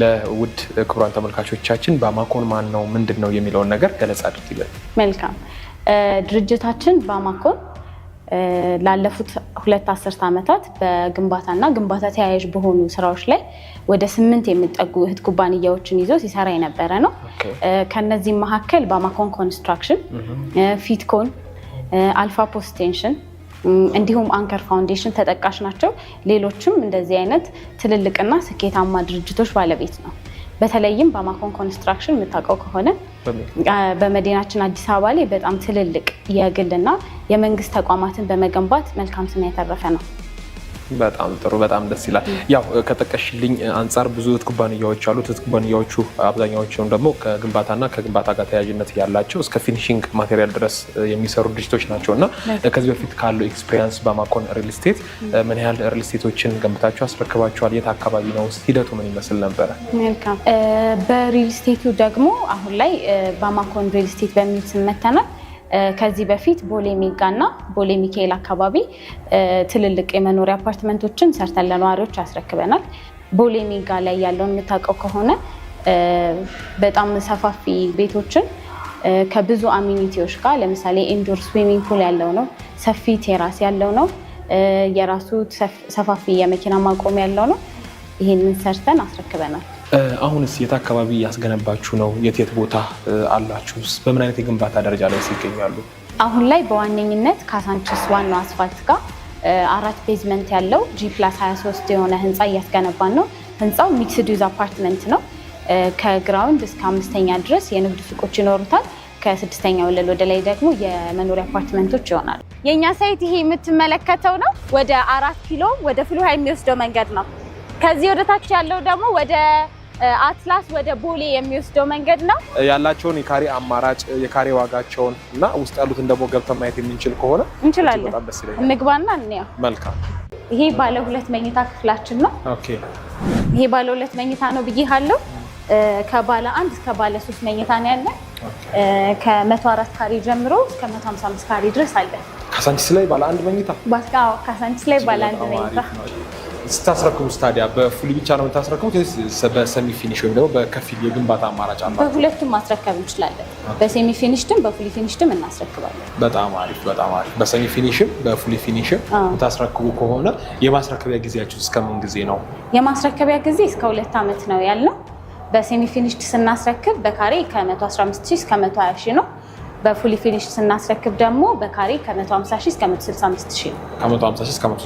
ለውድ ክቡራን ተመልካቾቻችን ባማኮን ማን ነው ምንድን ነው የሚለውን ነገር ገለጻ አድርጊልን። መልካም ድርጅታችን ባማኮን ላለፉት ሁለት አስርት ዓመታት በግንባታና ግንባታ ተያያዥ በሆኑ ስራዎች ላይ ወደ ስምንት የሚጠጉ እህት ኩባንያዎችን ይዞ ሲሰራ የነበረ ነው። ከነዚህም መካከል ባማኮን ኮንስትራክሽን፣ ፊትኮን፣ አልፋ ፖስቴንሽን እንዲሁም አንከር ፋውንዴሽን ተጠቃሽ ናቸው። ሌሎችም እንደዚህ አይነት ትልልቅና ስኬታማ ድርጅቶች ባለቤት ነው። በተለይም በማኮን ኮንስትራክሽን የምታውቀው ከሆነ በመዲናችን አዲስ አበባ ላይ በጣም ትልልቅ የግልና የመንግስት ተቋማትን በመገንባት መልካም ስም ያተረፈ ነው። በጣም ጥሩ፣ በጣም ደስ ይላል። ያው ከጠቀሽልኝ አንጻር ብዙ እህት ኩባንያዎች አሉ። እህት ኩባንያዎቹ አብዛኛዎቹን ደግሞ ከግንባታና ከግንባታ ጋር ተያያዥነት ያላቸው እስከ ፊኒሽንግ ማቴሪያል ድረስ የሚሰሩ ድርጅቶች ናቸው እና ከዚህ በፊት ካለው ኤክስፔሪንስ በማኮን ሪል ስቴት ምን ያህል ሪል ስቴቶችን ገንብታቸው አስረክባቸዋል? የት አካባቢ ነው? ሂደቱ ምን ይመስል ነበረ? በሪል ስቴቱ ደግሞ አሁን ላይ በማኮን ሪል ስቴት በሚል ስም መተናል ከዚህ በፊት ቦሌ ሚጋና ቦሌ ሚካኤል አካባቢ ትልልቅ የመኖሪያ አፓርትመንቶችን ሰርተን ለነዋሪዎች አስረክበናል። ቦሌ ሚጋ ላይ ያለውን የምታውቀው ከሆነ በጣም ሰፋፊ ቤቶችን ከብዙ አሚኒቲዎች ጋር ለምሳሌ ኢንዶር ስዊሚንግ ፑል ያለው ነው። ሰፊ ቴራስ ያለው ነው። የራሱ ሰፋፊ የመኪና ማቆም ያለው ነው። ይህንን ሰርተን አስረክበናል። አሁንስ የት አካባቢ ያስገነባችሁ ነው? የት የት ቦታ አላችሁ? በምን አይነት የግንባታ ደረጃ ላይ ይገኛሉ? አሁን ላይ በዋነኝነት ካሳንችስ ዋናው አስፋልት ጋር አራት ቤዝመንት ያለው ጂ ፕላስ 23 የሆነ ህንፃ እያስገነባን ነው። ህንፃው ሚክስድ ዩዝ አፓርትመንት ነው። ከግራውንድ እስከ አምስተኛ ድረስ የንግድ ሱቆች ይኖሩታል። ከስድስተኛ ወለል ወደ ላይ ደግሞ የመኖሪያ አፓርትመንቶች ይሆናሉ። የእኛ ሳይት ይሄ የምትመለከተው ነው። ወደ አራት ኪሎ ወደ ፍልውሃ የሚወስደው መንገድ ነው። ከዚህ ወደ ታች ያለው ደግሞ ወደ አትላስ ወደ ቦሌ የሚወስደው መንገድ ነው። ያላቸውን የካሬ አማራጭ የካሬ ዋጋቸውን እና ውስጥ ያሉትን ደግሞ ገብተን ማየት የምንችል ከሆነ እንችላለን። እንግባና እንያ። መልካም። ይሄ ባለ ሁለት መኝታ ክፍላችን ነው። ይሄ ባለ ሁለት መኝታ ነው ብዬ አለው። ከባለ አንድ እስከ ባለ ሶስት መኝታ ነው ያለን። ከመቶ አራት ካሬ ጀምሮ እስከ መቶ ሀምሳ አምስት ካሬ ድረስ አለን። ካሳንቺስ ላይ ባለ አንድ መኝታ ካሳንቺስ ላይ ባለ አንድ መኝታ ስታስረክቡ ታዲያ በፉል ብቻ ነው የምታስረክቡት በሰሚ ፊኒሽ ወይም ደግሞ በከፊል የግንባታ አማራጭ አላቸው? በሁለቱም ማስረከብ እንችላለን። በሰሚ ፊኒሽድም በፉል ፊኒሽድም እናስረክባለን። በጣም አሪፍ በጣም አሪፍ። በሰሚ ፊኒሽም በፉል ፊኒሽም የምታስረክቡ ከሆነ የማስረከቢያ ጊዜያችሁ እስከ ምን ጊዜ ነው? የማስረከቢያ ጊዜ እስከ ሁለት ዓመት ነው ያልነው። በሴሚ ፊኒሽድ ስናስረክብ በካሬ ከ115 እስከ 120 ነው በፉሊ ፊኒሽ ስናስረክብ ደግሞ በካሬ ከ150 እስከ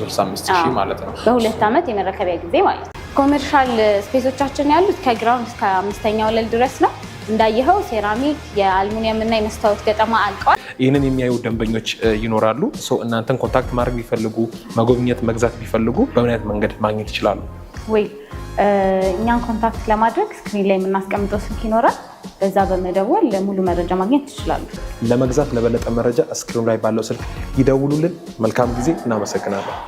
165 ማለት ነው። በሁለት ዓመት የመረከቢያ ጊዜ ማለት ነው። ኮሜርሻል ስፔሶቻችን ያሉት ከግራውንድ እስከ አምስተኛ ወለል ድረስ ነው። እንዳየኸው ሴራሚክ፣ የአልሙኒየም እና የመስታወት ገጠማ አልቀዋል። ይህንን የሚያዩ ደንበኞች ይኖራሉ። እናንተን ኮንታክት ማድረግ ቢፈልጉ መጎብኘት፣ መግዛት ቢፈልጉ በምን አይነት መንገድ ማግኘት ይችላሉ? ወይ እኛን ኮንታክት ለማድረግ ስክሪን ላይ የምናስቀምጠው ስልክ ይኖራል በዛ በመደወል ለሙሉ መረጃ ማግኘት ትችላሉ። ለመግዛት ለበለጠ መረጃ እስክሪኑ ላይ ባለው ስልክ ይደውሉልን። መልካም ጊዜ። እናመሰግናለን።